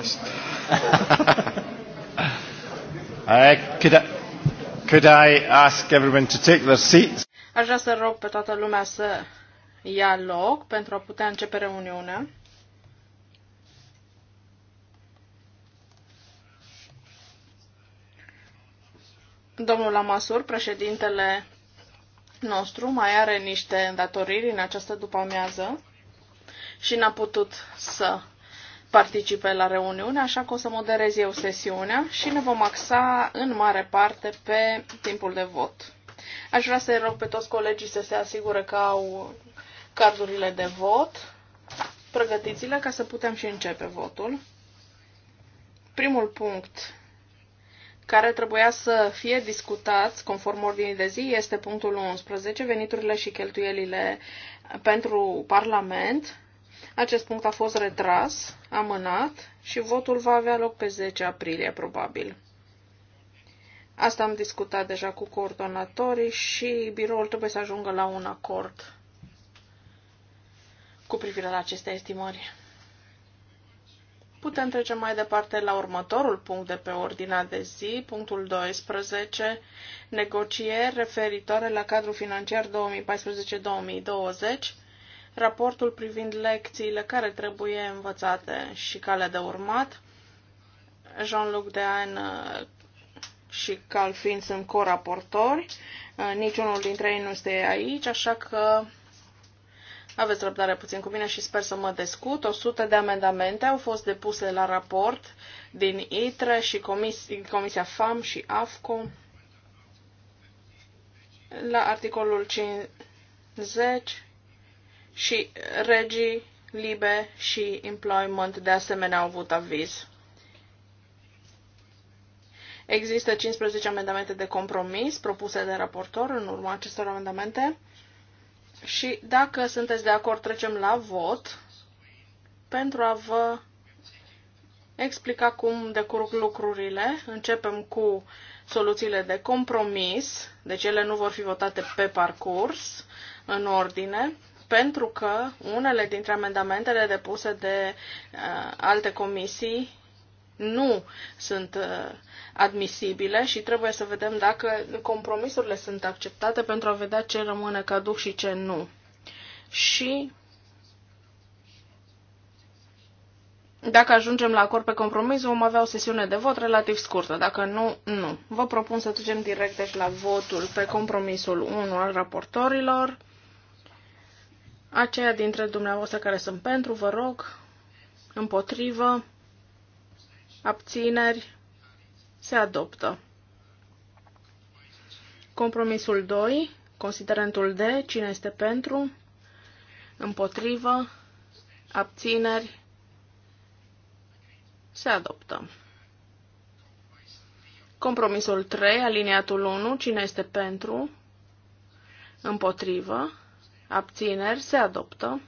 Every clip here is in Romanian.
uh, could, I, could I ask everyone to take their seats? Aș vrea să rog pe toată lumea să ia loc pentru a putea începe reuniunea. Domnul Lamasur, președintele nostru, mai are niște îndatoriri în această după-amiază și n-a putut să participe la reuniune, așa că o să moderez eu sesiunea și ne vom axa în mare parte pe timpul de vot. Aș vrea să-i rog pe toți colegii să se asigure că au cardurile de vot. Pregătiți-le ca să putem și începe votul. Primul punct care trebuia să fie discutat conform ordinii de zi este punctul 11, veniturile și cheltuielile pentru Parlament. Acest punct a fost retras, amânat și votul va avea loc pe 10 aprilie, probabil. Asta am discutat deja cu coordonatorii și biroul trebuie să ajungă la un acord cu privire la aceste estimări. Putem trece mai departe la următorul punct de pe ordinea de zi, punctul 12, negocieri referitoare la cadrul financiar 2014-2020 raportul privind lecțiile care trebuie învățate și calea de urmat. Jean-Luc Dean uh, și Calfin sunt coraportori. Uh, niciunul dintre ei nu este aici, așa că aveți răbdare puțin cu mine și sper să mă descut. 100 de amendamente au fost depuse la raport din ITRE și Comis Comisia FAM și AFCO. La articolul 50 și regii libe și employment de asemenea au avut aviz. Există 15 amendamente de compromis propuse de raportor în urma acestor amendamente și dacă sunteți de acord trecem la vot pentru a vă explica cum decurg lucrurile. Începem cu soluțiile de compromis, deci ele nu vor fi votate pe parcurs, în ordine pentru că unele dintre amendamentele depuse de uh, alte comisii nu sunt uh, admisibile și trebuie să vedem dacă compromisurile sunt acceptate pentru a vedea ce rămâne caduc și ce nu. Și Dacă ajungem la acord pe compromis, vom avea o sesiune de vot relativ scurtă. Dacă nu, nu. Vă propun să trecem direct deci la votul pe compromisul 1 al raportorilor. Aceia dintre dumneavoastră care sunt pentru, vă rog, împotrivă, abțineri, se adoptă. Compromisul 2, considerentul D, cine este pentru, împotrivă, abțineri, se adoptă. Compromisul 3, aliniatul 1, cine este pentru, împotrivă, abțineri, se adoptă.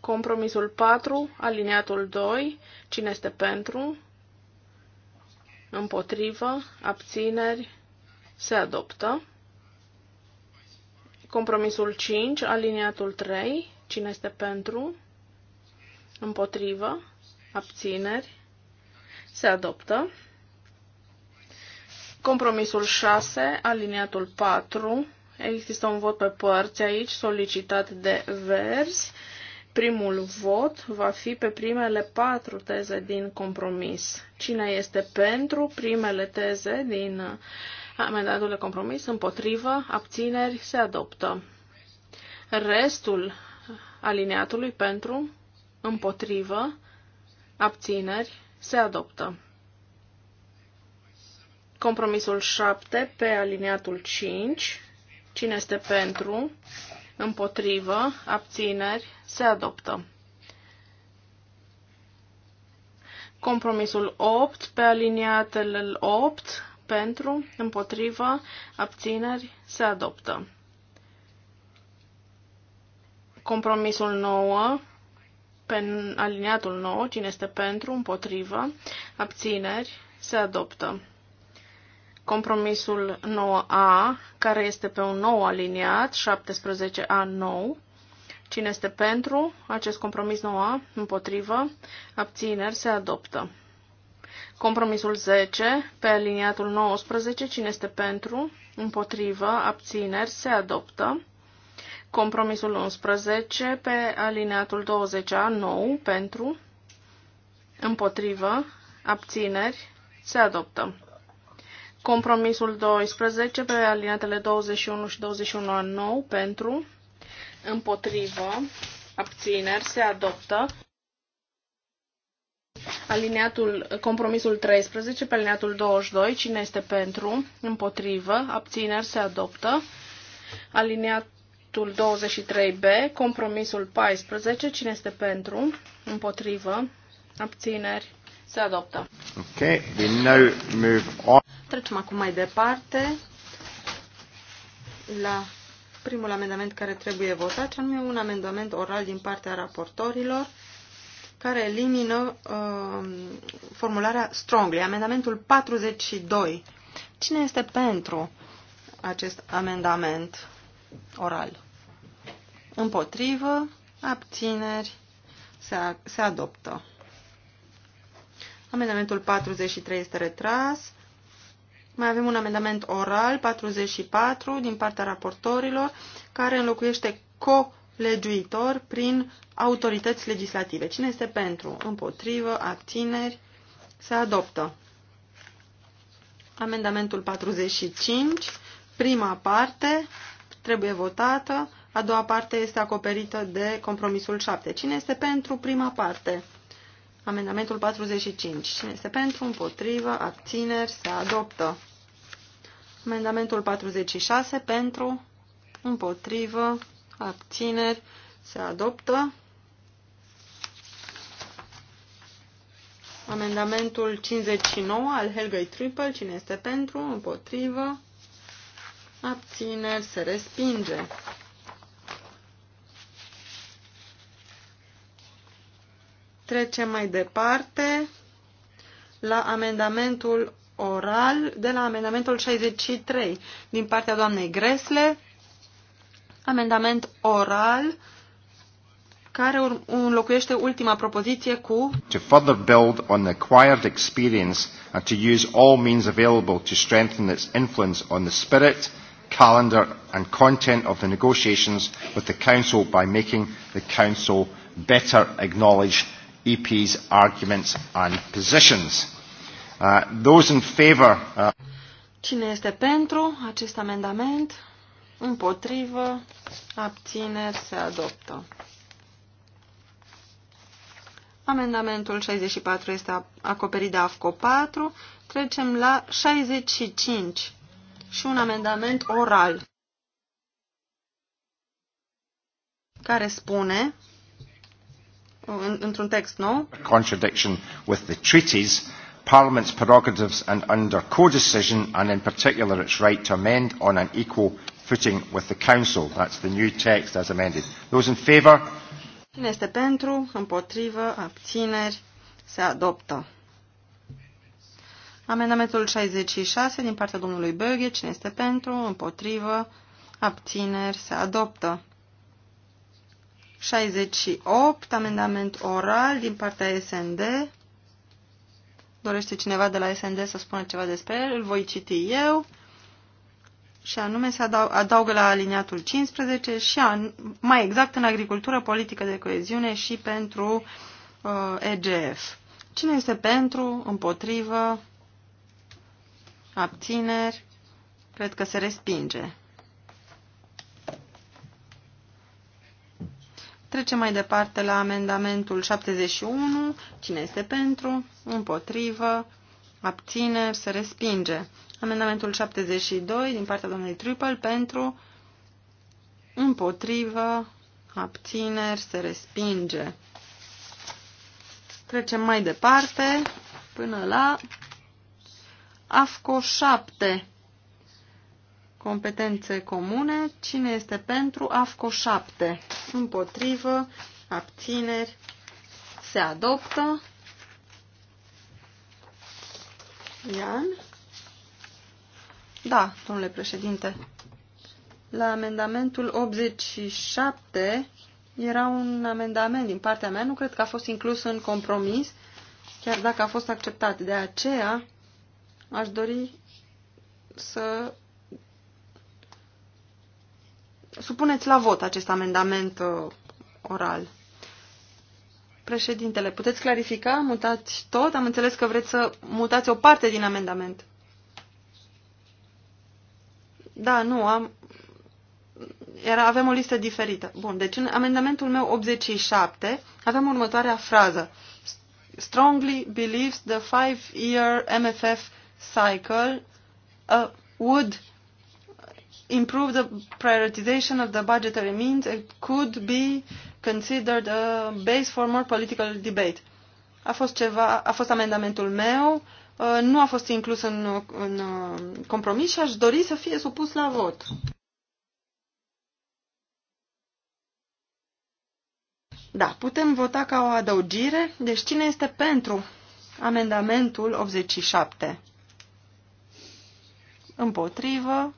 Compromisul 4, aliniatul 2, cine este pentru, împotrivă, abțineri, se adoptă. Compromisul 5, aliniatul 3, cine este pentru, împotrivă, abțineri, se adoptă. Compromisul 6, aliniatul 4, Există un vot pe părți aici solicitat de verzi. Primul vot va fi pe primele patru teze din compromis. Cine este pentru primele teze din uh, amendatul de compromis, împotrivă, abțineri, se adoptă. Restul alineatului pentru, împotrivă, abțineri, se adoptă. Compromisul 7 pe alineatul 5 Cine este pentru? Împotrivă? Abțineri? Se adoptă. Compromisul 8 pe aliniatele 8 pentru, împotrivă, abțineri, se adoptă. Compromisul 9 pe aliniatul 9, cine este pentru, împotrivă, abțineri, se adoptă. Compromisul 9A, care este pe un nou aliniat, 17A nou. Cine este pentru acest compromis 9A? Împotrivă. Abțineri se adoptă. Compromisul 10, pe aliniatul 19, cine este pentru? Împotrivă. Abțineri se adoptă. Compromisul 11, pe alineatul 20A, nou, pentru, împotrivă, abțineri, se adoptă. Compromisul 12 pe alinatele 21 și 21 nou pentru, împotrivă, abțineri se adoptă. Alineatul, compromisul 13 pe alineatul 22, cine este pentru, împotrivă, abțineri se adoptă. Alineatul 23B, compromisul 14, cine este pentru, împotrivă, abțineri se adoptă. Ok, we now move on. Trecem acum mai departe la primul amendament care trebuie votat, și anume un amendament oral din partea raportorilor care elimină uh, formularea strongly, amendamentul 42. Cine este pentru acest amendament oral? Împotrivă, abțineri, se, se adoptă. Amendamentul 43 este retras. Mai avem un amendament oral, 44, din partea raportorilor, care înlocuiește colegiuitor prin autorități legislative. Cine este pentru? Împotrivă? Abțineri? Se adoptă. Amendamentul 45, prima parte, trebuie votată. A doua parte este acoperită de compromisul 7. Cine este pentru prima parte? Amendamentul 45. Cine este pentru, împotrivă, abțineri, se adoptă. Amendamentul 46. Pentru, împotrivă, abțineri, se adoptă. Amendamentul 59 al Helgei Triple. Cine este pentru, împotrivă, abțineri, se respinge. Trecem mai departe la amendamentul oral de la amendamentul 63 din partea doamnei Gresle. Amendament oral care înlocuiește ultima propoziție cu To further build on the acquired experience and to use all means available to strengthen its influence on the spirit, calendar and content of the negotiations with the Council by making the Council better acknowledge EP's arguments and positions. Uh, those in favor, uh... Cine este pentru acest amendament? Împotrivă? Abțineri? Se adoptă. Amendamentul 64 este acoperit de AFCO 4. Trecem la 65 și un amendament oral care spune într-un text nou. Contradiction with the treaties, Parliament's prerogatives and under co-decision and in particular its right to amend on an equal footing with the Council. That's the new text as amended. Those in favour? Cine este pentru, împotrivă, abțineri, se adoptă. Amendamentul 66 din partea domnului Böge. Cine este pentru, împotrivă, abțineri, se adoptă. 68, amendament oral din partea SND. Dorește cineva de la SND să spună ceva despre el, îl voi citi eu. Și anume se adaugă la aliniatul 15 și an, mai exact în agricultură, politică de coeziune și pentru uh, EGF. Cine este pentru, împotrivă, abțineri? Cred că se respinge. Trecem mai departe la amendamentul 71. Cine este pentru? Împotrivă? Abțineri? Se respinge. Amendamentul 72 din partea domnului Triple pentru? Împotrivă? Abțineri? Se respinge. Trecem mai departe până la AFCO 7 competențe comune. Cine este pentru? AFCO 7. Împotrivă, abțineri, se adoptă. Ian? Da, domnule președinte. La amendamentul 87 era un amendament din partea mea, nu cred că a fost inclus în compromis, chiar dacă a fost acceptat. De aceea aș dori să Supuneți la vot acest amendament uh, oral. Președintele, puteți clarifica? Mutați tot? Am înțeles că vreți să mutați o parte din amendament. Da, nu, am... Era, avem o listă diferită. Bun, deci în amendamentul meu 87 avem următoarea frază. Strongly believes the five-year MFF cycle uh, would improve the prioritization of the budgetary means, it could be considered a base for more political debate. A fost, ceva, a fost amendamentul meu, uh, nu a fost inclus în, în uh, compromis și aș dori să fie supus la vot. Da, putem vota ca o adăugire. Deci cine este pentru amendamentul 87? Împotrivă,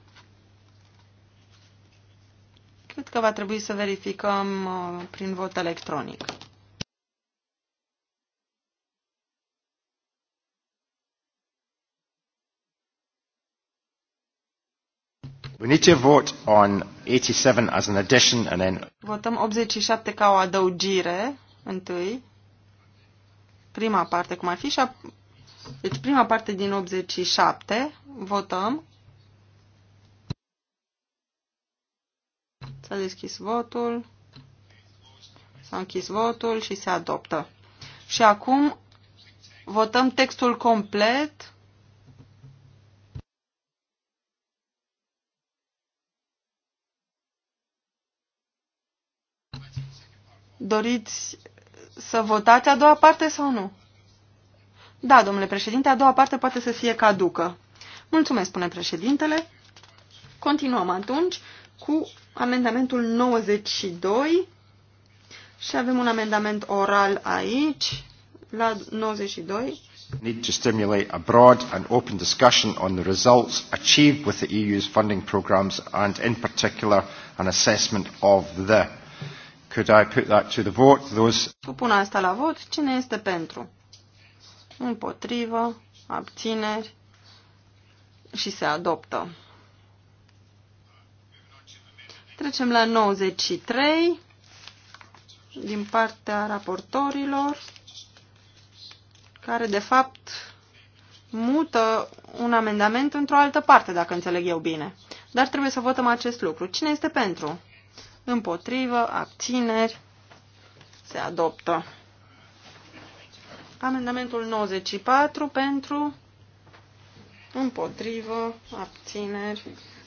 Cred că va trebui să verificăm uh, prin vot electronic. We need to vote on 87 as an addition and then Votăm 87 ca o adăugire întâi. Prima parte cum ar fi și a... deci prima parte din 87 votăm S-a deschis votul. S-a închis votul și se adoptă. Și acum votăm textul complet. Doriți să votați a doua parte sau nu? Da, domnule președinte, a doua parte poate să fie caducă. Mulțumesc, spune președintele. Continuăm atunci cu amendamentul 92 și avem un amendament oral aici, la 92. Need to stimulate a broad and open discussion on the results achieved with the EU's funding programs and in particular an assessment of the. Could I put that to the vote? Those... Pun asta la vot. Cine este pentru? Împotrivă, abțineri și se adoptă. Trecem la 93 din partea raportorilor, care de fapt mută un amendament într-o altă parte, dacă înțeleg eu bine. Dar trebuie să votăm acest lucru. Cine este pentru? Împotrivă, abțineri, se adoptă. Amendamentul 94 pentru, împotrivă, abțineri,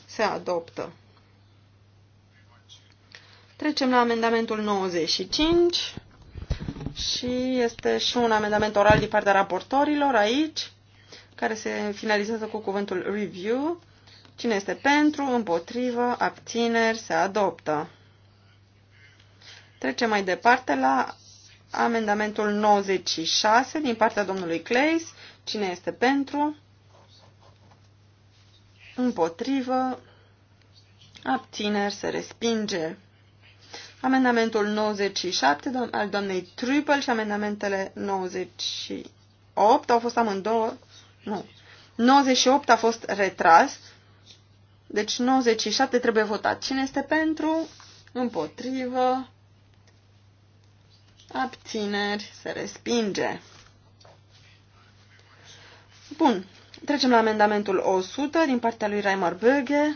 se adoptă. Trecem la amendamentul 95 și este și un amendament oral din partea raportorilor aici, care se finalizează cu cuvântul review. Cine este pentru, împotrivă, abțineri, se adoptă. Trecem mai departe la amendamentul 96 din partea domnului Clays. Cine este pentru? Împotrivă. Abțineri se respinge amendamentul 97 al doamnei Triple și amendamentele 98 au fost amândouă, nu, 98 a fost retras, deci 97 trebuie votat. Cine este pentru? Împotrivă. Abțineri. Se respinge. Bun. Trecem la amendamentul 100 din partea lui Reimer Böge.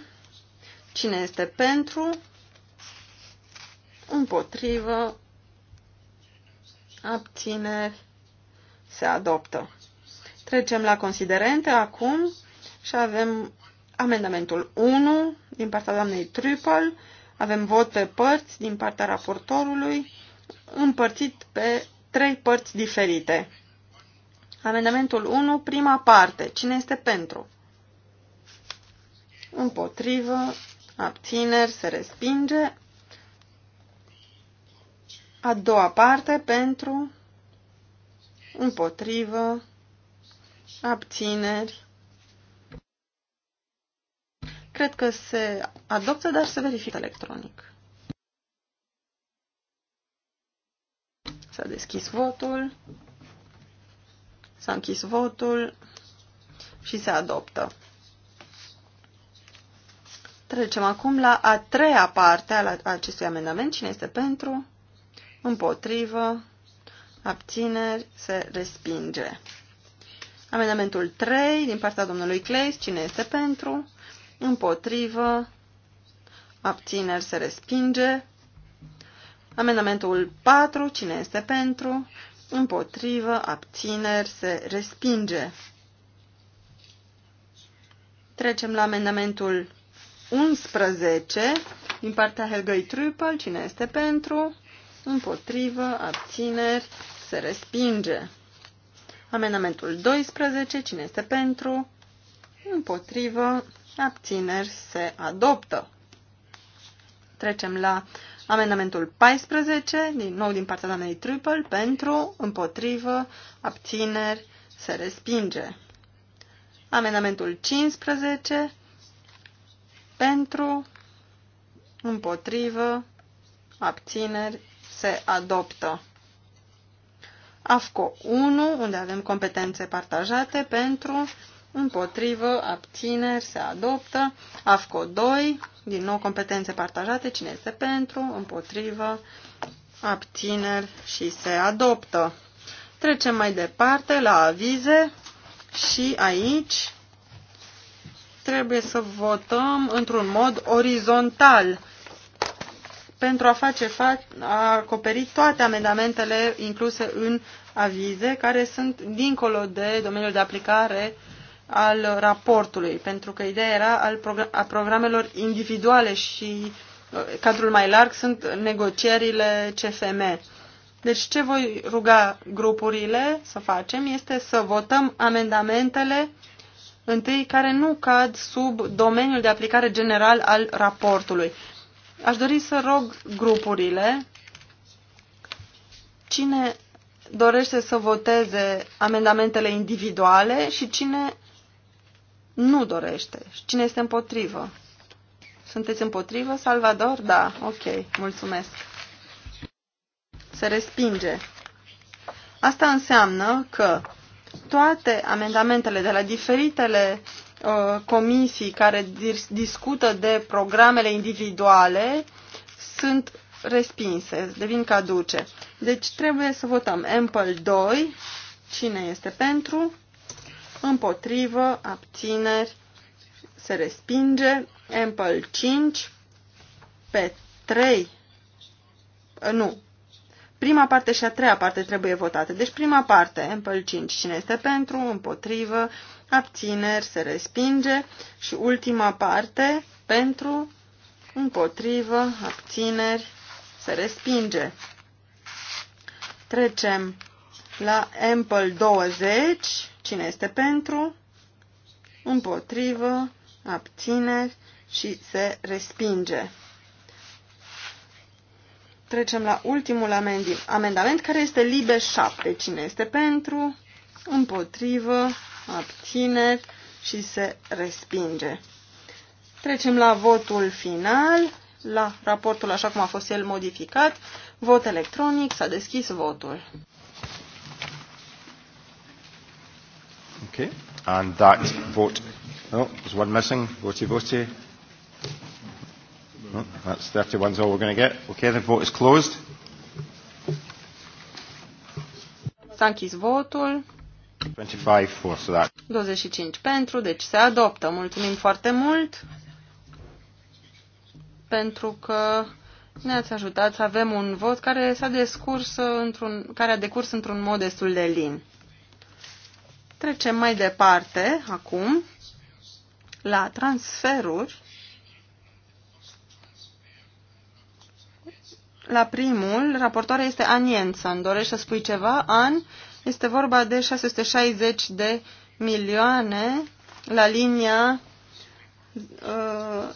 Cine este pentru? împotrivă, abțineri, se adoptă. Trecem la considerente acum și avem amendamentul 1 din partea doamnei Triple, avem vot pe părți din partea raportorului, împărțit pe trei părți diferite. Amendamentul 1, prima parte. Cine este pentru? Împotrivă, abțineri, se respinge. A doua parte pentru, împotrivă, abțineri. Cred că se adoptă, dar se verifică electronic. S-a deschis votul, s-a închis votul și se adoptă. Trecem acum la a treia parte a acestui amendament. Cine este pentru? împotrivă, abțineri, se respinge. Amendamentul 3 din partea domnului Clays, cine este pentru, împotrivă, abțineri, se respinge. Amendamentul 4, cine este pentru, împotrivă, abțineri, se respinge. Trecem la amendamentul 11 din partea Helgăi Trupel, cine este pentru, împotrivă, abțineri, se respinge. Amendamentul 12, cine este pentru, împotrivă, abțineri, se adoptă. Trecem la amendamentul 14, din nou din partea doamnei Triple, pentru, împotrivă, abțineri, se respinge. Amendamentul 15, pentru, împotrivă, abțineri, se adoptă. AFCO 1, unde avem competențe partajate pentru, împotrivă, abțineri, se adoptă. AFCO 2, din nou competențe partajate, cine este pentru, împotrivă, abțineri și se adoptă. Trecem mai departe la avize și aici trebuie să votăm într-un mod orizontal pentru a face fa- a acoperi toate amendamentele incluse în avize care sunt dincolo de domeniul de aplicare al raportului, pentru că ideea era al progr- a programelor individuale și uh, cadrul mai larg sunt negocierile CFM. Deci ce voi ruga grupurile să facem este să votăm amendamentele întâi care nu cad sub domeniul de aplicare general al raportului. Aș dori să rog grupurile cine dorește să voteze amendamentele individuale și cine nu dorește și cine este împotrivă. Sunteți împotrivă, Salvador? Da, ok, mulțumesc. Se respinge. Asta înseamnă că toate amendamentele de la diferitele Uh, comisii care discută de programele individuale sunt respinse, devin caduce. Deci trebuie să votăm Ample 2, cine este pentru, împotrivă, abțineri, se respinge, Ample 5, pe 3, uh, nu, prima parte și a treia parte trebuie votate. Deci prima parte, Ample 5, cine este pentru, împotrivă, abțineri se respinge și ultima parte pentru, împotrivă, abțineri se respinge. Trecem la Ample 20, cine este pentru, împotrivă, abțineri și se respinge. Trecem la ultimul amendament, care este libe 7. Cine este pentru? împotrivă, abțineri și se respinge. Trecem la votul final, la raportul așa cum a fost el modificat. Vot electronic, s-a deschis votul. Okay. And that vote. Oh, there's one missing. Voti, voti. Oh, that's 31. Is all we're going to get. Okay, the vote is closed. S-a închis votul. 25 25 pentru, deci se adoptă. Mulțumim foarte mult pentru că ne-ați ajutat să avem un vot care s-a descurs într-un, care a decurs într-un mod destul de lin. Trecem mai departe acum la transferuri. La primul, raportoarea este An Jensen. Dorești să spui ceva, An? Este vorba de 660 de milioane la linia uh,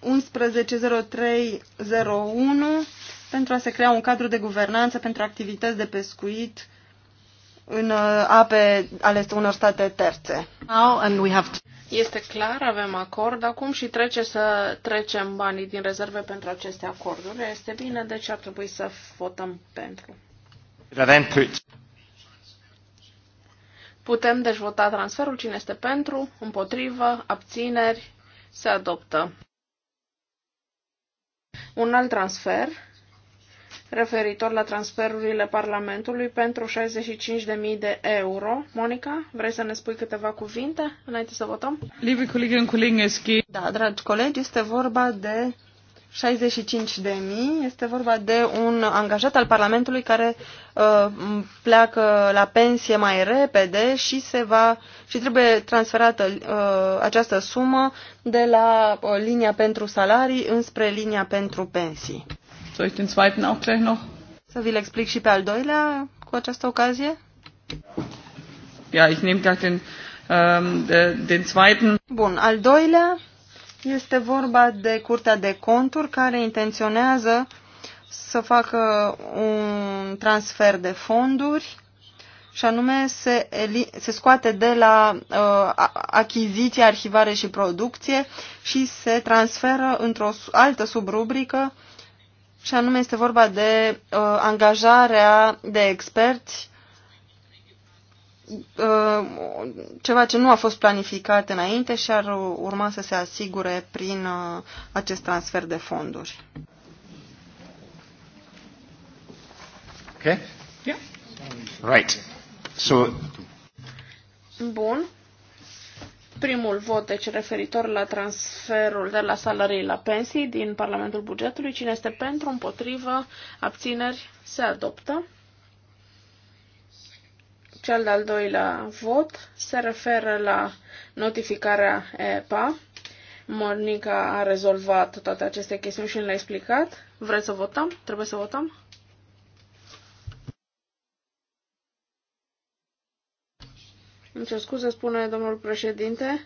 110301 pentru a se crea un cadru de guvernanță pentru activități de pescuit în uh, ape ale unor state terțe. Now, and we have to... Este clar, avem acord acum și trece să trecem banii din rezerve pentru aceste acorduri. Este bine, deci ar trebui să votăm pentru. Putem deci vota transferul. Cine este pentru? Împotrivă? Abțineri? Se adoptă. Un alt transfer referitor la transferurile Parlamentului pentru 65.000 de euro. Monica, vrei să ne spui câteva cuvinte înainte să votăm? Da, dragi colegi, este vorba de 65 de mii. Este vorba de un angajat al Parlamentului care uh, pleacă la pensie mai repede și se va și trebuie transferată uh, această sumă de la uh, linia pentru salarii înspre linia pentru pensii. Să vi-l explic și pe al doilea cu această ocazie? Ja, ich nehme gleich den, ähm, den zweiten. Bun, al doilea este vorba de Curtea de Conturi care intenționează să facă un transfer de fonduri și anume se, se scoate de la uh, achiziție, arhivare și producție și se transferă într-o altă subrubrică și anume este vorba de uh, angajarea de experți Uh, ceva ce nu a fost planificat înainte și ar urma să se asigure prin uh, acest transfer de fonduri. Ok. Yeah. Right. So... Bun. Primul vot, deci referitor la transferul de la salarii la pensii din Parlamentul Bugetului. Cine este pentru, împotrivă, abțineri, se adoptă. Cel de-al doilea vot se referă la notificarea EPA. Monica a rezolvat toate aceste chestiuni și le-a explicat. Vreți să votăm? Trebuie să votăm? Îmi cer scuze, spune domnul președinte.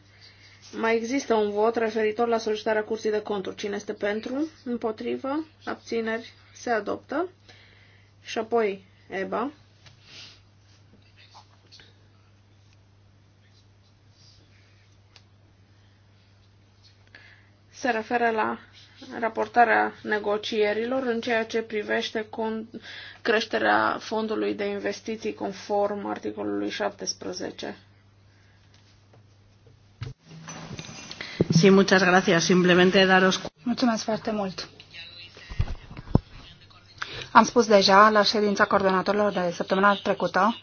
Mai există un vot referitor la solicitarea curții de conturi. Cine este pentru? Împotrivă? Abțineri? Se adoptă. Și apoi EBA. se referă la raportarea negocierilor în ceea ce privește creșterea fondului de investiții conform articolului 17. Sí, muchas gracias. Simplemente daros... Mulțumesc foarte mult. Am spus deja la ședința coordonatorilor de săptămâna trecută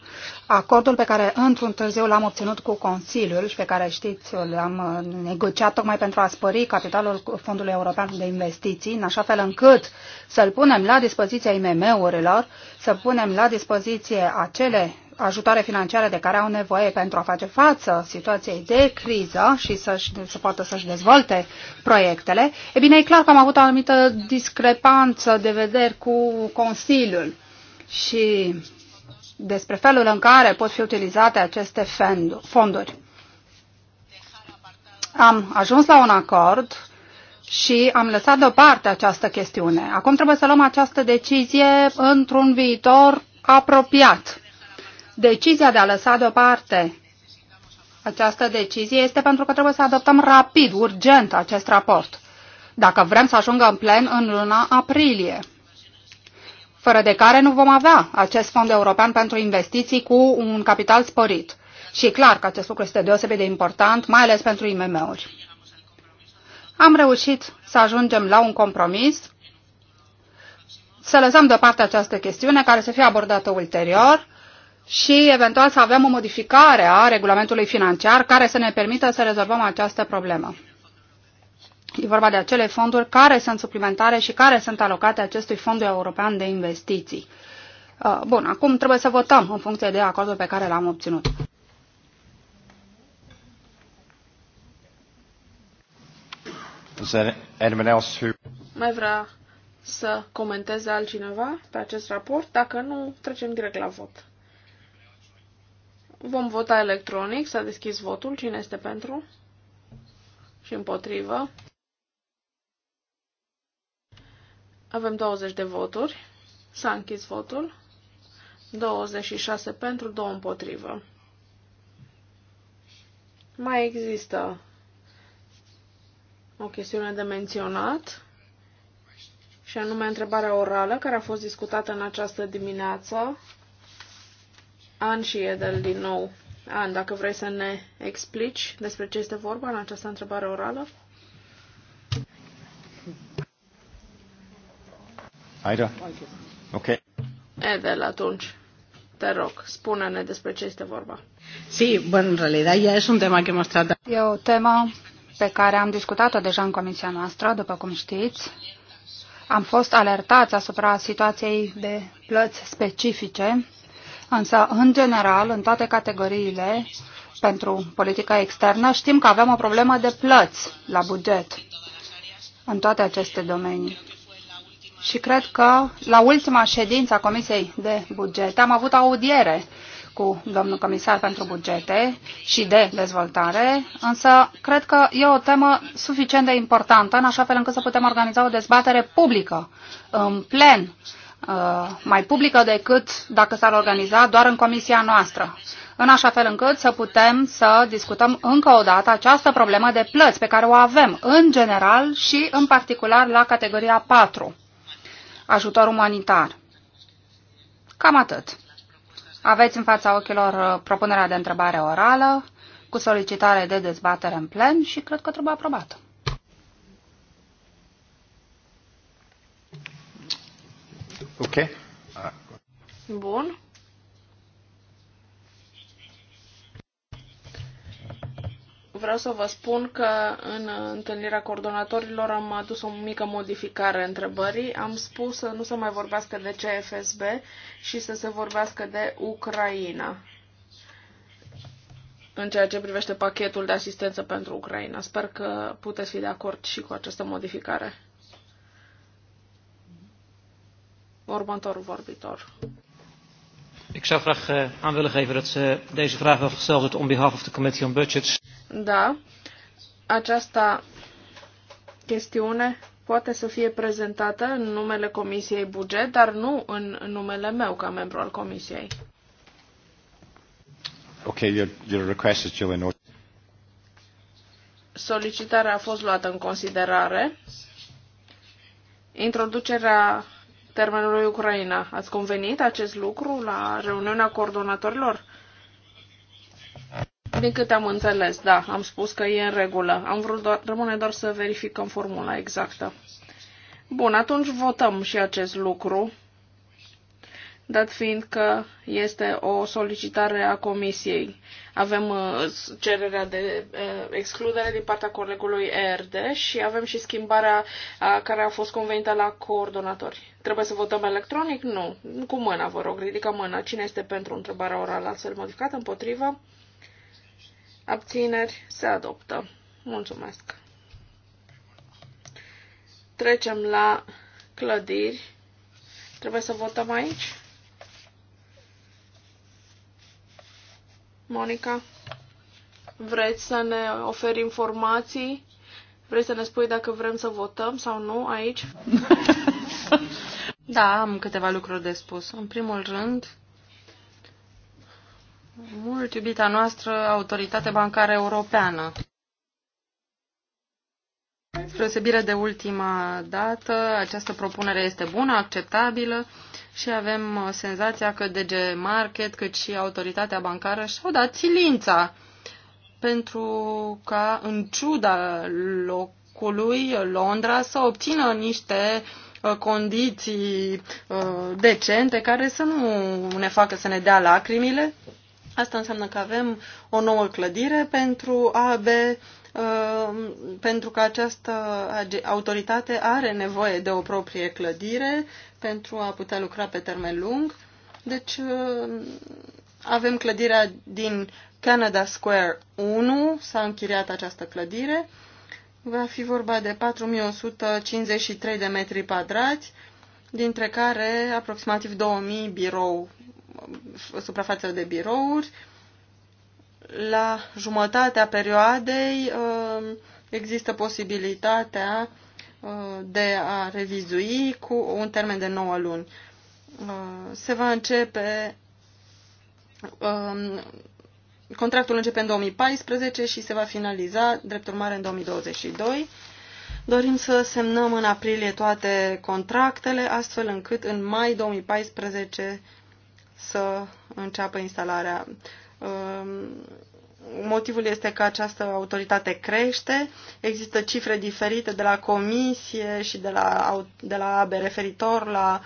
Acordul pe care într-un târziu l-am obținut cu Consiliul și pe care știți l-am uh, negociat tocmai pentru a spări capitalul Fondului European de Investiții, în așa fel încât să-l punem la dispoziția IMM-urilor, să punem la dispoziție acele ajutoare financiare de care au nevoie pentru a face față situației de criză și să, să poată să-și dezvolte proiectele, e bine, e clar că am avut o anumită discrepanță de vederi cu Consiliul. Și despre felul în care pot fi utilizate aceste fonduri. Am ajuns la un acord și am lăsat deoparte această chestiune. Acum trebuie să luăm această decizie într-un viitor apropiat. Decizia de a lăsa deoparte această decizie este pentru că trebuie să adoptăm rapid, urgent acest raport, dacă vrem să ajungă în plen în luna aprilie fără de care nu vom avea acest fond european pentru investiții cu un capital sporit. Și e clar că acest lucru este deosebit de important, mai ales pentru IMM-uri. Am reușit să ajungem la un compromis, să lăsăm deoparte această chestiune care să fie abordată ulterior și eventual să avem o modificare a regulamentului financiar care să ne permită să rezolvăm această problemă. E vorba de acele fonduri care sunt suplimentare și care sunt alocate acestui fond european de investiții. Uh, bun, acum trebuie să votăm în funcție de acordul pe care l-am obținut. Mai vrea să comenteze altcineva pe acest raport? Dacă nu, trecem direct la vot. Vom vota electronic. S-a deschis votul. Cine este pentru? Și împotrivă? Avem 20 de voturi. S-a închis votul. 26 pentru, 2 împotrivă. Mai există o chestiune de menționat, și anume întrebarea orală care a fost discutată în această dimineață. An și Edel din nou. An, dacă vrei să ne explici despre ce este vorba în această întrebare orală. Aida? Ok. Edel, atunci, te rog, spune-ne despre ce este vorba. Sí, bueno, en realidad ya es un tema que hemos tratado. E o temă pe care am discutat-o deja în comisia noastră, după cum știți. Am fost alertați asupra situației de plăți specifice, însă, în general, în toate categoriile, pentru politica externă, știm că avem o problemă de plăți la buget în toate aceste domenii și cred că la ultima ședință a Comisiei de Bugete am avut audiere cu domnul comisar pentru bugete și de dezvoltare, însă cred că e o temă suficient de importantă, în așa fel încât să putem organiza o dezbatere publică, în plen, uh, mai publică decât dacă s-ar organiza doar în comisia noastră în așa fel încât să putem să discutăm încă o dată această problemă de plăți pe care o avem în general și în particular la categoria 4 ajutor umanitar. Cam atât. Aveți în fața ochilor uh, propunerea de întrebare orală cu solicitare de dezbatere în plen și cred că trebuie aprobată. Ok. Bun. vreau să vă spun că în întâlnirea coordonatorilor am adus o mică modificare întrebării. Am spus să nu se mai vorbească de CFSB și să se vorbească de Ucraina în ceea ce privește pachetul de asistență pentru Ucraina. Sper că puteți fi de acord și cu această modificare. Următorul vorbitor. Ik zou graag eh, aan willen geven dat ze eh, deze vraag wel gesteld wordt om behalve de Committee on Budgets. Da, această chestiune poate să fie prezentată în numele Comisiei Buget, dar nu în numele meu ca membru al Comisiei. Okay, your, your request is still in order. Solicitarea a fost luată în considerare. Introducerea termenului Ucraina. Ați convenit acest lucru la reuniunea coordonatorilor? Din câte am înțeles, da, am spus că e în regulă. Am vrut doar, rămâne doar să verificăm formula exactă. Bun, atunci votăm și acest lucru, dat fiind că este o solicitare a comisiei. Avem uh, cererea de uh, excludere din partea colegului ERD și avem și schimbarea care a fost convenită la coordonatori. Trebuie să votăm electronic? Nu. Cu mâna, vă rog, ridică mâna. Cine este pentru întrebarea orală? Astfel modificată? Împotrivă? abțineri, se adoptă. Mulțumesc! Trecem la clădiri. Trebuie să votăm aici. Monica, vreți să ne oferi informații? Vrei să ne spui dacă vrem să votăm sau nu aici? da, am câteva lucruri de spus. În primul rând, mult iubita noastră autoritate bancară europeană. Spreosebire de ultima dată, această propunere este bună, acceptabilă și avem uh, senzația că DG Market, cât și autoritatea bancară și-au dat silința pentru ca, în ciuda locului, Londra să obțină niște uh, condiții uh, decente care să nu ne facă să ne dea lacrimile Asta înseamnă că avem o nouă clădire pentru AB, uh, pentru că această autoritate are nevoie de o proprie clădire pentru a putea lucra pe termen lung. Deci uh, avem clădirea din Canada Square 1, s-a închiriat această clădire. Va fi vorba de 4153 de metri pătrați, dintre care aproximativ 2000 birou, suprafață de birouri. La jumătatea perioadei uh, există posibilitatea uh, de a revizui cu un termen de 9 luni. Uh, se va începe um, contractul începe în 2014 și se va finaliza drept urmare în 2022. Dorim să semnăm în aprilie toate contractele, astfel încât în mai 2014 să înceapă instalarea. Um, motivul este că această autoritate crește, există cifre diferite de la comisie și de la, de la AB referitor la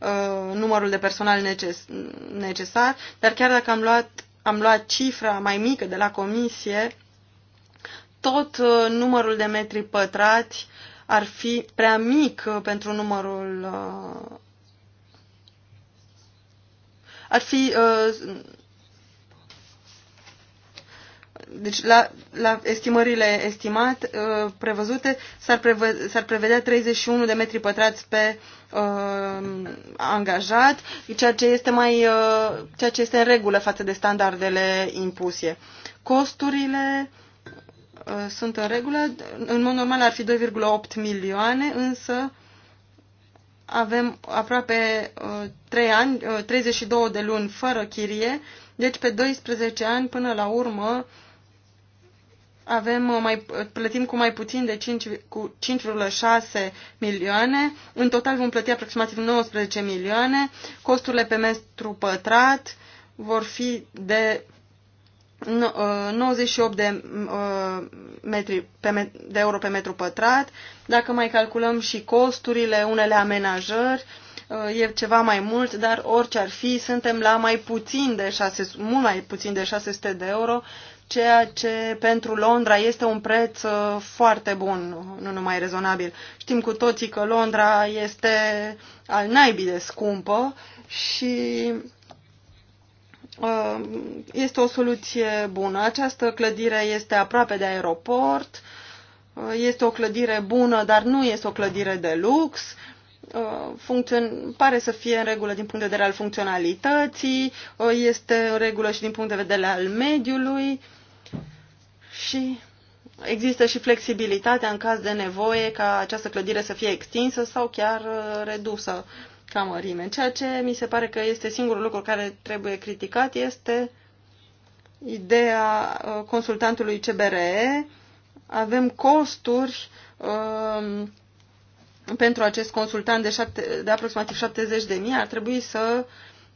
uh, numărul de personal neces, necesar, dar chiar dacă am luat, am luat cifra mai mică de la comisie, tot uh, numărul de metri pătrați ar fi prea mic uh, pentru numărul uh, ar fi uh, deci la, la estimările estimat, uh, prevăzute, s-ar, preve- s-ar prevedea 31 de metri pătrați pe uh, angajat, ceea ce, este mai, uh, ceea ce este în regulă față de standardele impuse. Costurile uh, sunt în regulă, în mod normal ar fi 2,8 milioane, însă uh, avem aproape uh, 3 ani, uh, 32 de luni fără chirie, deci pe 12 ani până la urmă avem uh, mai, uh, plătim cu mai puțin de 5,6 milioane. În total vom plăti aproximativ 19 milioane. Costurile pe metru pătrat vor fi de 98 uh, de, uh, metri pe, de euro pe metru pătrat. Dacă mai calculăm și costurile, unele amenajări, uh, e ceva mai mult, dar orice ar fi, suntem la mai puțin de 600, mult mai puțin de 600 de euro, ceea ce pentru Londra este un preț foarte bun, nu numai rezonabil. Știm cu toții că Londra este al naibii de scumpă și Ehm, este o soluție bună. Această clădire este aproape de aeroport, ehm, este o clădire bună, dar nu este o clădire de lux. Ehm, funcțion... pare să fie în regulă din punct de vedere al funcționalității, este în regulă și din punct de vedere al mediului și există și flexibilitatea în caz de nevoie ca această clădire să fie extinsă sau chiar redusă. Uh, extra mărime. Ceea ce mi se pare că este singurul lucru care trebuie criticat este ideea uh, consultantului CBRE. Avem costuri um, pentru acest consultant de, șapte, de aproximativ 70 de mii. Ar trebui să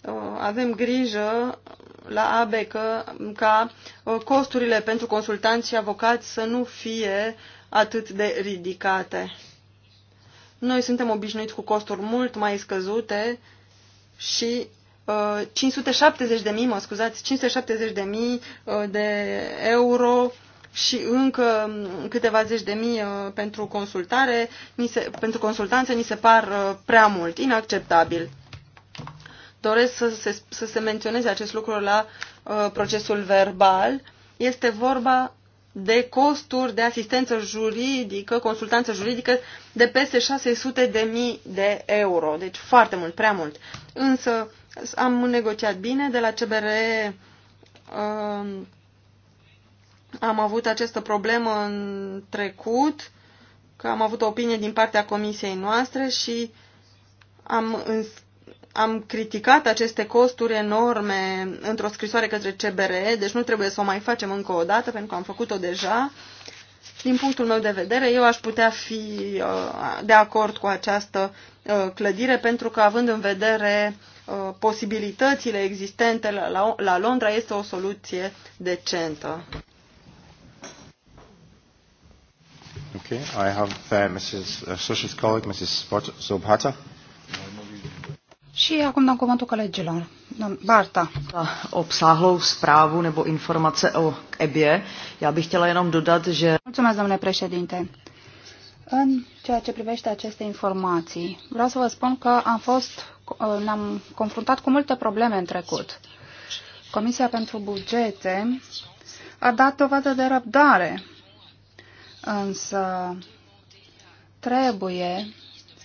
uh, avem grijă la ABE că, ca uh, costurile pentru consultanți și avocați să nu fie atât de ridicate noi suntem obișnuiți cu costuri mult mai scăzute și 570 uh, de mii, mă scuzați, 570 de mii uh, de euro și încă câteva zeci de mii uh, pentru consultare, ni se, pentru consultanțe ni se par prea mult, inacceptabil. Doresc să se, să se menționeze acest lucru la procesul verbal. Este vorba de costuri de asistență juridică, consultanță juridică de peste 600 de mii de euro. Deci foarte mult, prea mult. Însă am negociat bine de la CBR um, am avut această problemă în trecut, că am avut o opinie din partea comisiei noastre și am am criticat aceste costuri enorme într-o scrisoare către CBRE, deci nu trebuie să o mai facem încă o dată, pentru că am făcut-o deja. Din punctul meu de vedere, eu aș putea fi uh, de acord cu această uh, clădire, pentru că, având în vedere uh, posibilitățile existente la, Londra, este o soluție decentă. Okay, I have uh, Mrs. Uh, Socialist colleague, Mrs. Subhata. Și acum dăm cuvântul colegilor. Barta. Obsáhlou zprávu nebo informace o EBE. Já bych chtěla jenom dodat, že... Mulțumesc, domnule președinte. În ceea ce privește aceste informații, vreau să vă spun că am fost, ne-am confruntat cu multe probleme în trecut. Comisia pentru bugete a dat dovadă de răbdare, însă trebuie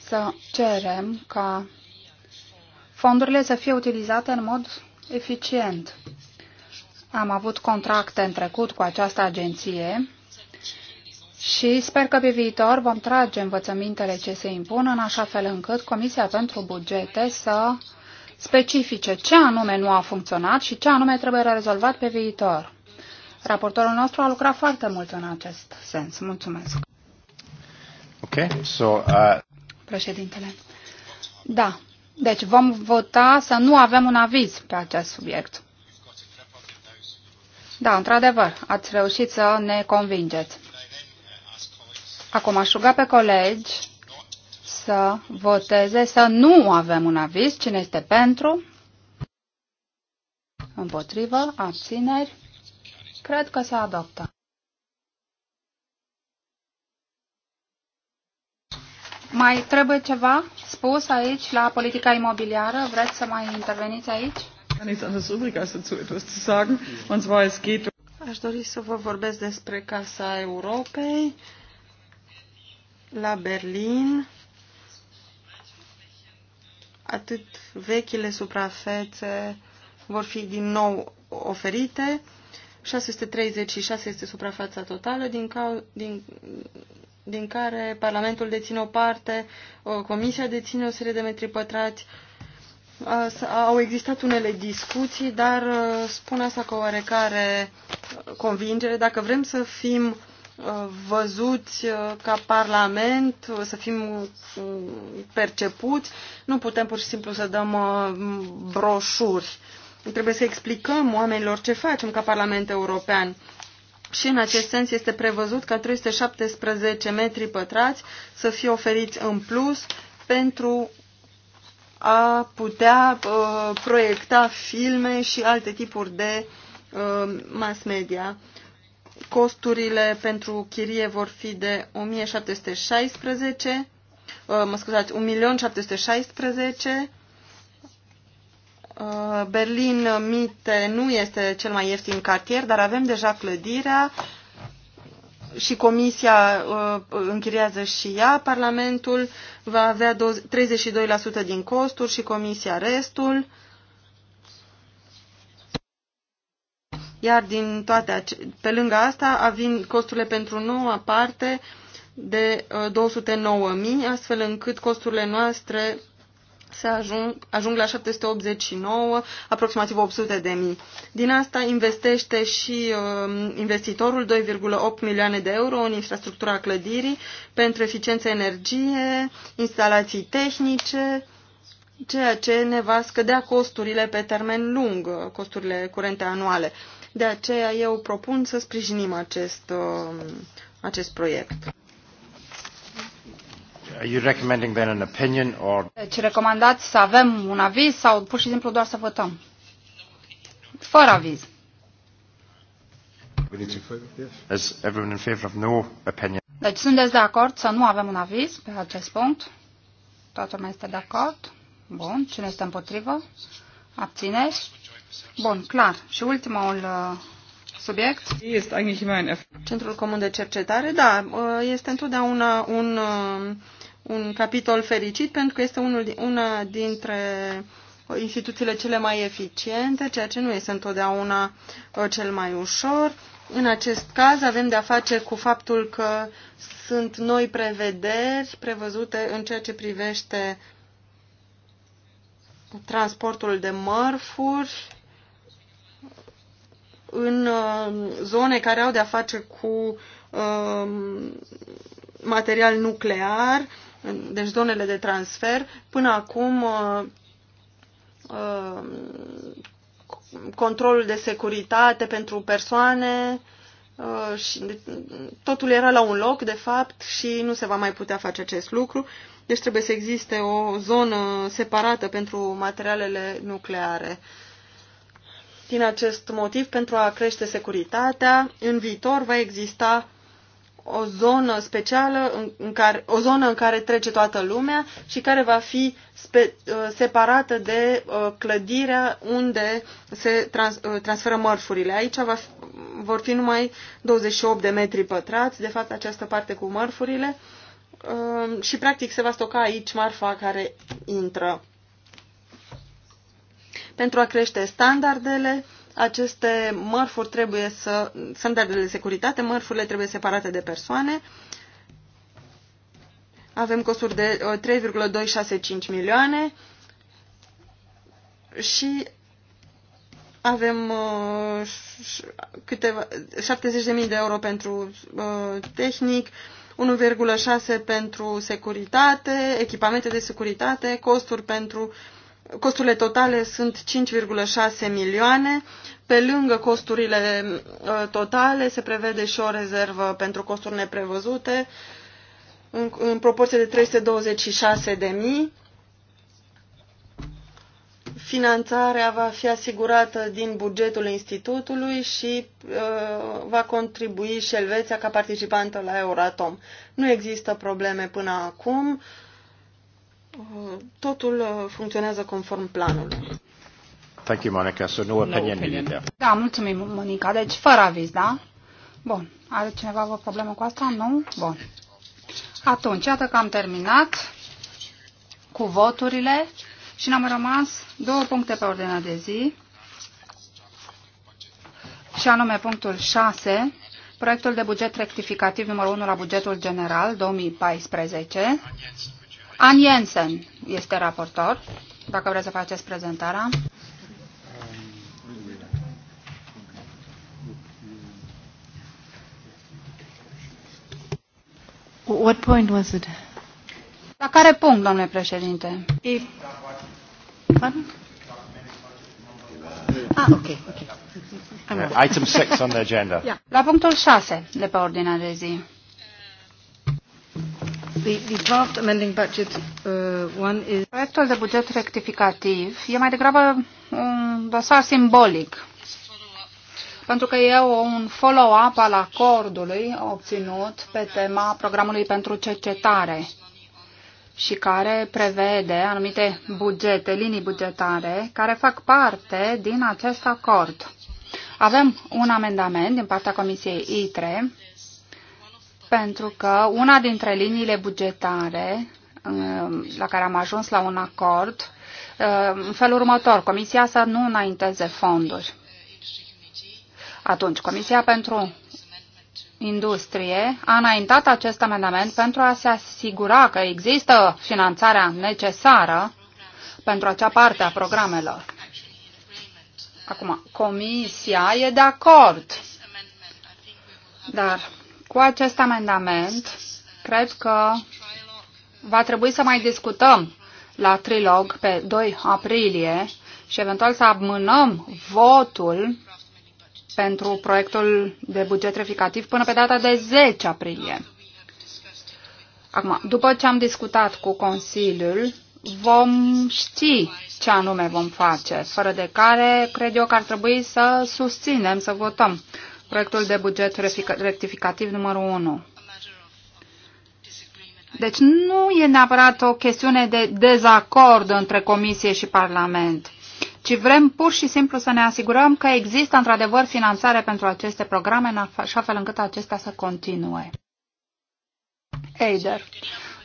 să cerem ca fondurile să fie utilizate în mod eficient. Am avut contracte în trecut cu această agenție și sper că pe viitor vom trage învățămintele ce se impun în așa fel încât Comisia pentru Bugete să specifice ce anume nu a funcționat și ce anume trebuie rezolvat pe viitor. Raportorul nostru a lucrat foarte mult în acest sens. Mulțumesc. Ok, so, uh... Președintele. Da, deci vom vota să nu avem un aviz pe acest subiect. Da, într-adevăr, ați reușit să ne convingeți. Acum aș ruga pe colegi să voteze să nu avem un aviz. Cine este pentru? Împotrivă? Abțineri? Cred că se adoptă. Mai trebuie ceva spus aici la politica imobiliară? Vreți să mai interveniți aici? Um Aș dori să vă vorbesc despre Casa Europei la Berlin. Atât vechile suprafețe vor fi din nou oferite. 636 este suprafața totală, din, cau din din care Parlamentul deține o parte, Comisia deține o serie de metri pătrați. Au existat unele discuții, dar spun asta cu oarecare convingere. Dacă vrem să fim văzuți ca Parlament, să fim percepuți, nu putem pur și simplu să dăm broșuri. Trebuie să explicăm oamenilor ce facem ca Parlament European și în acest sens este prevăzut ca 317 metri pătrați să fie oferiți în plus pentru a putea uh, proiecta filme și alte tipuri de uh, mass media. Costurile pentru chirie vor fi de 1716, uh, mă scuzați, 1.716 Uh, Berlin Mitte nu este cel mai ieftin cartier, dar avem deja clădirea și Comisia uh, închiriază și ea. Parlamentul va avea 32% din costuri și Comisia restul. Iar din toate, pe lângă asta, avin costurile pentru noua parte de 209.000, uh, astfel încât costurile noastre se ajung, ajung la 789, aproximativ 800 de mii. Din asta investește și uh, investitorul 2,8 milioane de euro în infrastructura clădirii pentru eficiență energie, instalații tehnice, ceea ce ne va scădea costurile pe termen lung, costurile curente anuale. De aceea eu propun să sprijinim acest, uh, acest proiect. Ce Deci recomandați să avem un aviz sau pur și simplu doar să votăm? Fără aviz. Is everyone in of no opinion? Deci sunteți de acord să nu avem un aviz pe acest punct? Toată lumea este de acord? Bun. Cine este împotrivă? Abțineți? Bun, clar. Și ultimul uh, subiect? Este Centrul Comun de Cercetare, da, uh, este întotdeauna un uh, un capitol fericit pentru că este unul, una dintre instituțiile cele mai eficiente, ceea ce nu este întotdeauna uh, cel mai ușor. În acest caz avem de-a face cu faptul că sunt noi prevederi prevăzute în ceea ce privește transportul de mărfuri în uh, zone care au de-a face cu uh, material nuclear deci zonele de transfer, până acum uh, uh, controlul de securitate pentru persoane uh, și totul era la un loc, de fapt, și nu se va mai putea face acest lucru. Deci trebuie să existe o zonă separată pentru materialele nucleare. Din acest motiv, pentru a crește securitatea, în viitor va exista o zonă specială, în, în care, o zonă în care trece toată lumea și care va fi spe, uh, separată de uh, clădirea unde se trans, uh, transferă mărfurile. Aici va, vor fi numai 28 de metri pătrați, de fapt această parte cu mărfurile um, și practic se va stoca aici marfa care intră. Pentru a crește standardele, aceste mărfuri trebuie să, standardele de securitate, mărfurile trebuie separate de persoane. Avem costuri de 3,265 uh, milioane și avem uh, câteva, 70.000 de euro pentru uh, tehnic, 1,6 pentru securitate, echipamente de securitate, costuri pentru uh, Costurile totale sunt 5,6 milioane. Pe lângă costurile uh, totale se prevede și o rezervă pentru costuri neprevăzute în, în proporție de 326 de mii. Finanțarea va fi asigurată din bugetul institutului și uh, va contribui și Elveția ca participantă la Euratom. Nu există probleme până acum. Uh, totul uh, funcționează conform planului. Thank you, Monica. So no opinion opinion. Da, mulțumim, Monica. Deci, fără aviz, da? Bun. Are cineva o problemă cu asta? Nu? Bun. Atunci, iată că am terminat cu voturile și ne-am rămas două puncte pe ordinea de zi și anume punctul 6, proiectul de buget rectificativ numărul 1 la bugetul general 2014. An Jensen este raportor, dacă vreți să faceți prezentarea. What point was it? La care punct, domnule președinte? If... Ah, Ah, ok, ok. Item 6 on the agenda. La punctul 6 de pe ordinea de zi. The, draft amending budget uh, one is... Proiectul de buget rectificativ e mai degrabă un dosar simbolic, pentru că e un follow-up al acordului obținut pe tema programului pentru cercetare și care prevede anumite bugete, linii bugetare, care fac parte din acest acord. Avem un amendament din partea Comisiei ITRE pentru că una dintre liniile bugetare um, la care am ajuns la un acord, um, în felul următor, Comisia să nu înainteze fonduri. Atunci, Comisia pentru Industrie a înaintat acest amendament pentru a se asigura că există finanțarea necesară pentru acea parte a programelor. Acum, Comisia e de acord, dar cu acest amendament, cred că va trebui să mai discutăm la trilog pe 2 aprilie și eventual să amânăm votul pentru proiectul de buget reficativ până pe data de 10 aprilie. Acum, după ce am discutat cu Consiliul, vom ști ce anume vom face, fără de care cred eu că ar trebui să susținem, să votăm proiectul de buget rectificativ numărul 1. Deci nu e neapărat o chestiune de dezacord între Comisie și Parlament, ci vrem pur și simplu să ne asigurăm că există într-adevăr finanțare pentru aceste programe în așa fel încât acestea să continue. Eider.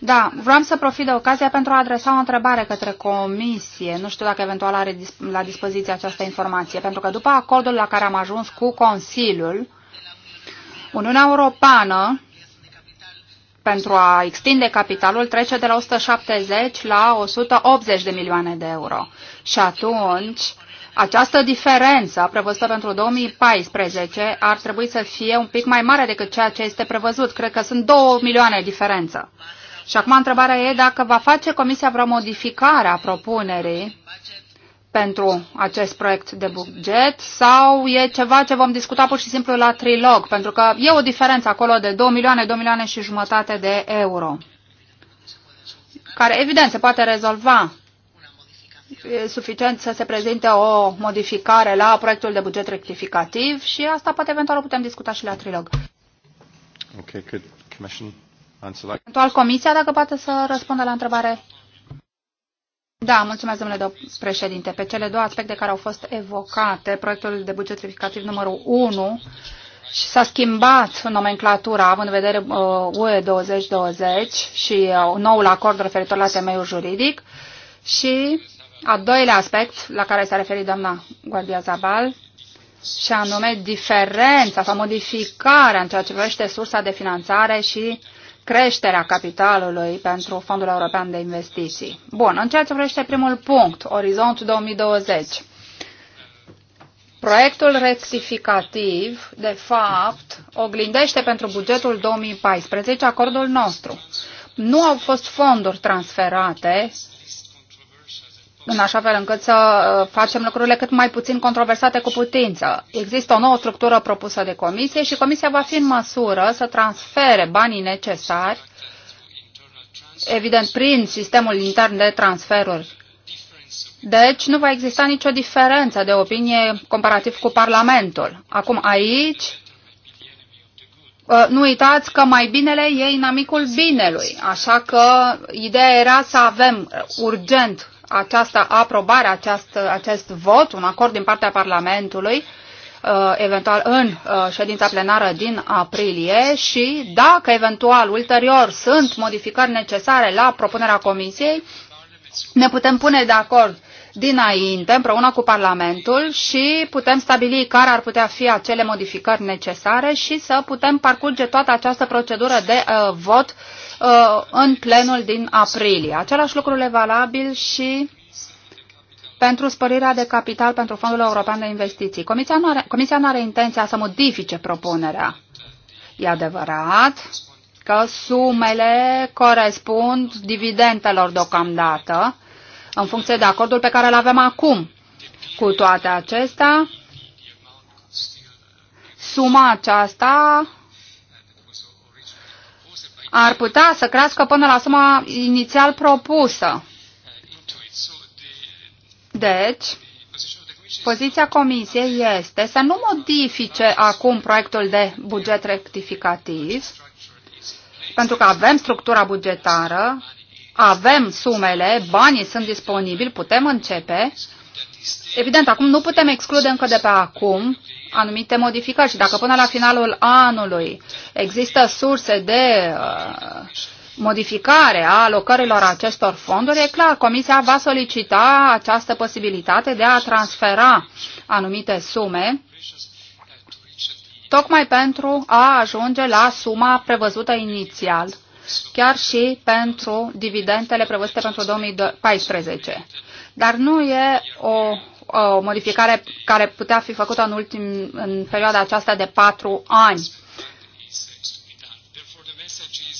Da, vreau să profit de ocazia pentru a adresa o întrebare către comisie. Nu știu dacă eventual are la dispoziție această informație, pentru că după acordul la care am ajuns cu Consiliul, Uniunea Europeană pentru a extinde capitalul trece de la 170 la 180 de milioane de euro. Și atunci, această diferență prevăzută pentru 2014 ar trebui să fie un pic mai mare decât ceea ce este prevăzut. Cred că sunt 2 milioane diferență. Și acum întrebarea e dacă va face Comisia vreo modificare a propunerii pentru acest proiect de buget sau e ceva ce vom discuta pur și simplu la trilog, pentru că e o diferență acolo de 2 milioane, 2 milioane și jumătate de euro, care evident se poate rezolva. E suficient să se prezinte o modificare la proiectul de buget rectificativ și asta poate eventual o putem discuta și la trilog. Okay, good. Commission. Eventual comisia, dacă poate să răspundă la întrebare. Da, mulțumesc, domnule președinte. Pe cele două aspecte care au fost evocate, proiectul de buget rectificativ numărul 1 și s-a schimbat nomenclatura, având în vedere uh, UE 2020 și uh, noul acord referitor la temeiul juridic. Și a doilea aspect la care s-a referit doamna Guardia Zabal, și anume diferența sau modificarea în ceea ce privește sursa de finanțare și uh, creșterea capitalului pentru Fondul European de Investiții. Bun, în ceea ce vrește primul punct, Orizont 2020. Proiectul rectificativ, de fapt, oglindește pentru bugetul 2014 acordul nostru. Nu au fost fonduri transferate în așa fel încât să uh, facem lucrurile cât mai puțin controversate cu putință. Există o nouă structură propusă de comisie și comisia va fi în măsură să transfere banii necesari, evident, prin sistemul intern de transferuri. Deci nu va exista nicio diferență de opinie comparativ cu Parlamentul. Acum aici uh, nu uitați că mai binele e inamicul binelui, așa că ideea era să avem uh, urgent această aprobare, acest, acest vot, un acord din partea Parlamentului, uh, eventual în uh, ședința plenară din aprilie și dacă eventual ulterior sunt modificări necesare la propunerea Comisiei, ne putem pune de acord dinainte, împreună cu Parlamentul și putem stabili care ar putea fi acele modificări necesare și să putem parcurge toată această procedură de uh, vot uh, în plenul din aprilie. Același lucru e valabil și pentru spărirea de capital pentru Fondul European de Investiții. Comisia nu are, comisia nu are intenția să modifice propunerea. E adevărat că sumele corespund dividendelor deocamdată, în funcție de acordul pe care îl avem acum. Cu toate acestea, suma aceasta ar putea să crească până la suma inițial propusă. Deci, poziția Comisiei este să nu modifice acum proiectul de buget rectificativ, pentru că avem structura bugetară, avem sumele, banii sunt disponibili, putem începe. Evident, acum nu putem exclude încă de pe acum anumite modificări și dacă până la finalul anului există surse de uh, modificare a alocărilor acestor fonduri, e clar, Comisia va solicita această posibilitate de a transfera anumite sume tocmai pentru a ajunge la suma prevăzută inițial chiar și pentru dividendele prevăzute pentru 2014. Dar nu e o, o modificare care putea fi făcută în, ultim, în perioada aceasta de patru ani.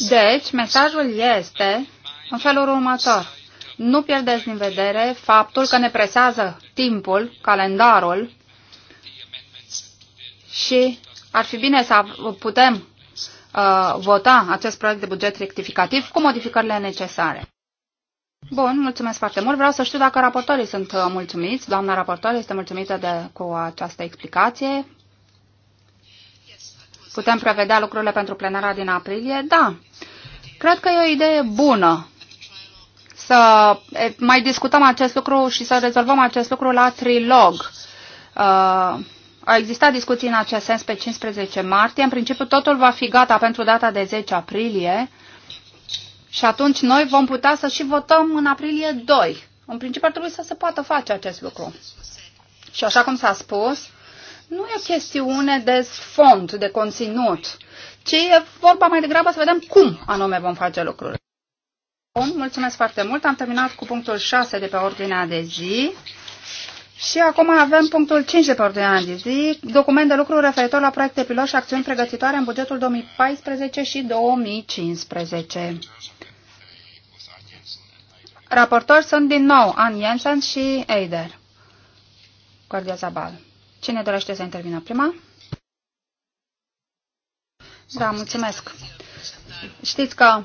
Deci, mesajul este în felul următor. Nu pierdeți din vedere faptul că ne presează timpul, calendarul și ar fi bine să putem Uh, vota acest proiect de buget rectificativ cu modificările necesare. Bun, mulțumesc foarte mult. Vreau să știu dacă raportorii sunt uh, mulțumiți. Doamna raportor este mulțumită de, cu această explicație. Putem prevedea lucrurile pentru plenara din aprilie? Da. Cred că e o idee bună să mai discutăm acest lucru și să rezolvăm acest lucru la trilog. Uh, a existat discuții în acest sens pe 15 martie. În principiu totul va fi gata pentru data de 10 aprilie și atunci noi vom putea să și votăm în aprilie 2. În principiu ar trebui să se poată face acest lucru. Și așa cum s-a spus, nu e o chestiune de fond, de conținut, ci e vorba mai degrabă să vedem cum anume vom face lucrurile. Bun, mulțumesc foarte mult. Am terminat cu punctul 6 de pe ordinea de zi. Și acum avem punctul 5 de pe ordinea de zi, document de lucru referitor la proiecte pilot și acțiuni pregătitoare în bugetul 2014 și 2015. Raportori sunt din nou Ann Jensen și Eider. Cordia Zabal. Cine dorește să intervină prima? Da, mulțumesc. Știți că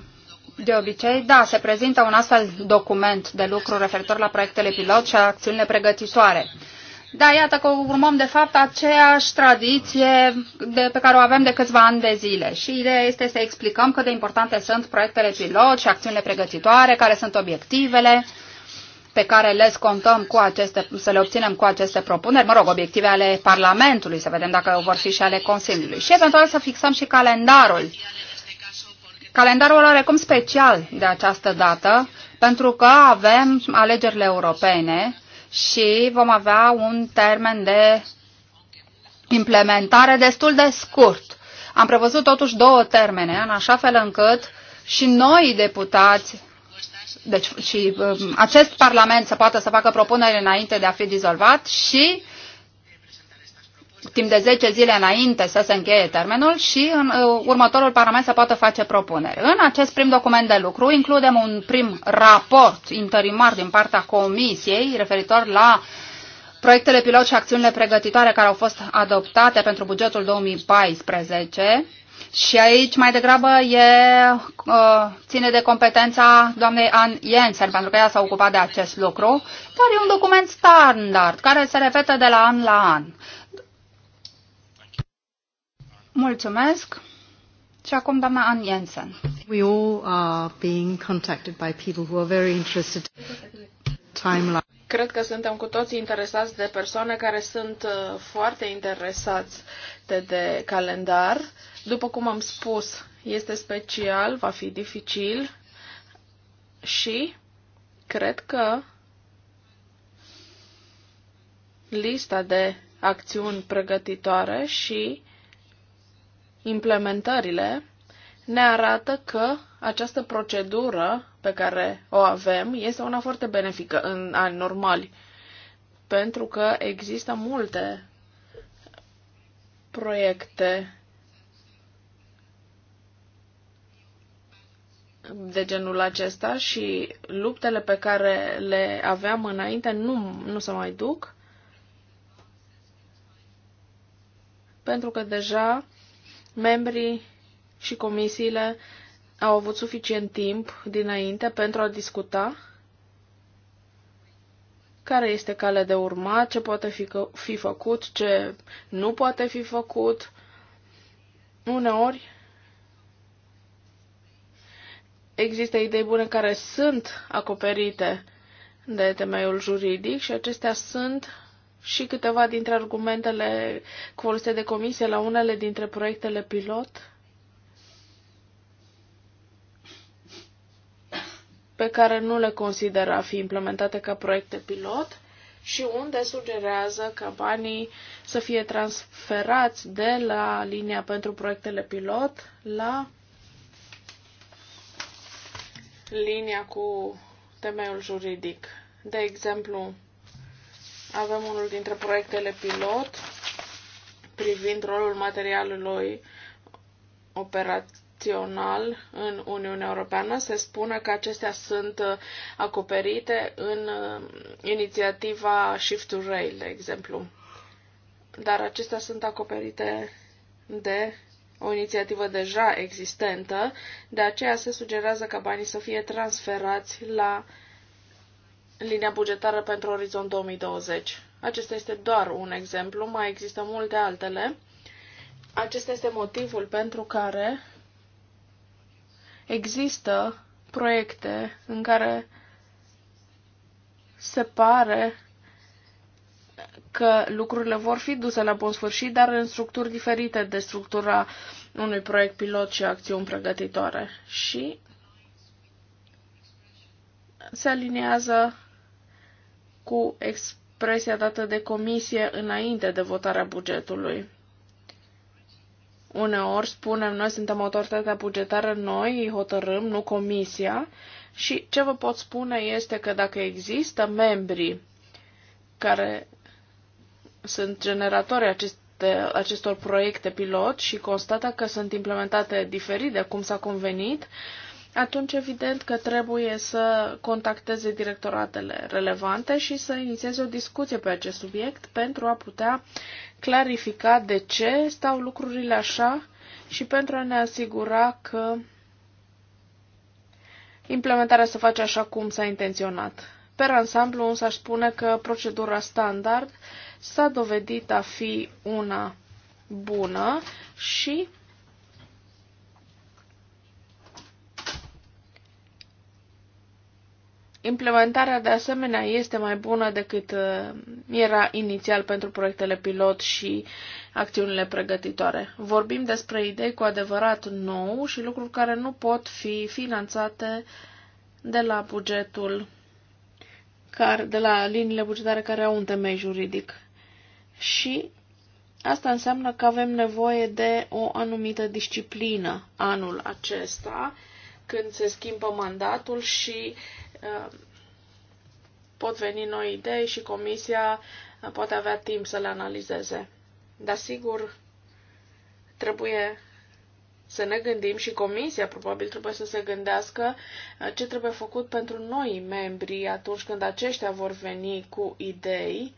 de obicei, da, se prezintă un astfel document de lucru referitor la proiectele pilot și acțiunile pregătitoare. Da, iată că urmăm de fapt aceeași tradiție de, pe care o avem de câțiva ani de zile și ideea este să explicăm cât de importante sunt proiectele pilot și acțiunile pregătitoare, care sunt obiectivele pe care le scontăm cu aceste, să le obținem cu aceste propuneri, mă rog, obiective ale Parlamentului, să vedem dacă vor fi și ale Consiliului și eventual să fixăm și calendarul Calendarul are cum special de această dată, pentru că avem alegerile europene și vom avea un termen de implementare destul de scurt. Am prevăzut totuși două termene, în așa fel încât și noi deputați deci și um, acest Parlament să poată să facă propuneri înainte de a fi dizolvat și uh, timp de 10 zile înainte să se încheie termenul și în uh, următorul Parlament să poată face propuneri. În acest prim document de lucru includem un prim raport interimar din partea Comisiei referitor la proiectele pilot și acțiunile pregătitoare care au fost adoptate pentru bugetul 2014. Și aici mai degrabă e, uh, ține de competența doamnei Ann Jensen, pentru că ea s-a ocupat de acest lucru, dar e un document standard care se repetă de la an la an. Mulțumesc. Și acum doamna Ann Jensen. We all are being contacted by people who are very interested timeline. Cred că suntem cu toții interesați de persoane care sunt uh, foarte interesați de, de calendar. După cum am spus, este special, va fi dificil și cred că lista de acțiuni pregătitoare și uh, implementările ne arată că această procedură pe care o avem este una foarte benefică în ani normali, pentru că există multe proiecte de genul acesta și luptele pe care le aveam înainte nu, nu se mai duc, pentru că deja membrii și comisiile au avut suficient timp dinainte pentru a discuta care este calea de urmat, ce poate fi, fi făcut, ce nu poate fi făcut. Uneori există idei bune care sunt acoperite de temeiul juridic și acestea sunt și câteva dintre argumentele folosite de comisie la unele dintre proiectele pilot pe care nu le consideră a fi implementate ca proiecte pilot și unde sugerează ca banii să fie transferați de la linia pentru proiectele pilot la linia cu temeiul juridic. De exemplu, avem unul dintre proiectele pilot privind rolul materialului operațional în Uniunea Europeană. Se spune că acestea sunt acoperite în uh, inițiativa Shift to Rail, de exemplu. Dar acestea sunt acoperite de o inițiativă deja existentă, de aceea se sugerează ca banii să fie transferați la uh, linia bugetară pentru Orizont 2020. Acesta este doar un exemplu, mai există multe altele. Acesta este motivul pentru care există proiecte în care se pare că lucrurile vor fi duse la bun sfârșit, dar în structuri diferite de structura unui proiect pilot și acțiuni pregătitoare. Și se aliniază cu expresia dată de comisie înainte de votarea bugetului. Uneori spunem, noi suntem autoritatea bugetară, noi îi hotărâm, nu comisia. Și ce vă pot spune este că dacă există membri care sunt generatori aceste, acestor proiecte pilot și constată că sunt implementate diferit de cum s-a convenit, uh, atunci evident că trebuie să contacteze directoratele relevante și să inițieze o discuție pe acest subiect pentru a putea clarifica de ce stau lucrurile așa și pentru a ne asigura că implementarea se face așa cum s-a intenționat. Per ansamblu, însă, aș spune că procedura standard s-a dovedit a fi una bună și Implementarea de asemenea este mai bună decât uh, era inițial pentru proiectele pilot și acțiunile pregătitoare. Vorbim despre idei cu adevărat nou și lucruri care nu pot fi finanțate de la bugetul care, de la liniile bugetare care au un temei juridic. Și asta înseamnă că avem nevoie de o anumită disciplină anul acesta, când se schimbă mandatul și uh, Uh, pot veni noi idei și comisia uh, poate avea timp să le analizeze. Dar sigur, trebuie să ne gândim și comisia probabil trebuie să se gândească uh, ce trebuie făcut pentru noi membri atunci când aceștia vor veni cu idei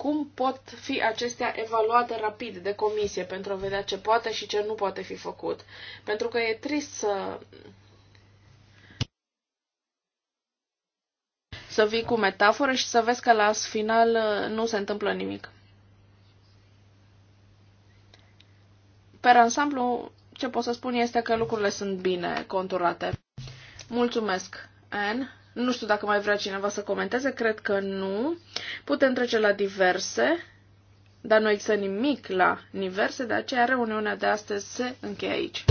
cum pot fi acestea evaluate rapid de comisie pentru a vedea ce poate și ce nu poate fi făcut. Pentru că e trist să să vii cu metaforă și să vezi că la final uh, nu se întâmplă nimic. Pe ansamblu, ce pot să spun este că lucrurile sunt bine conturate. Mulțumesc, Anne. Nu știu dacă mai vrea cineva să comenteze, cred că nu. Putem trece la diverse, dar nu există nimic la diverse, de aceea reuniunea de astăzi se încheie aici.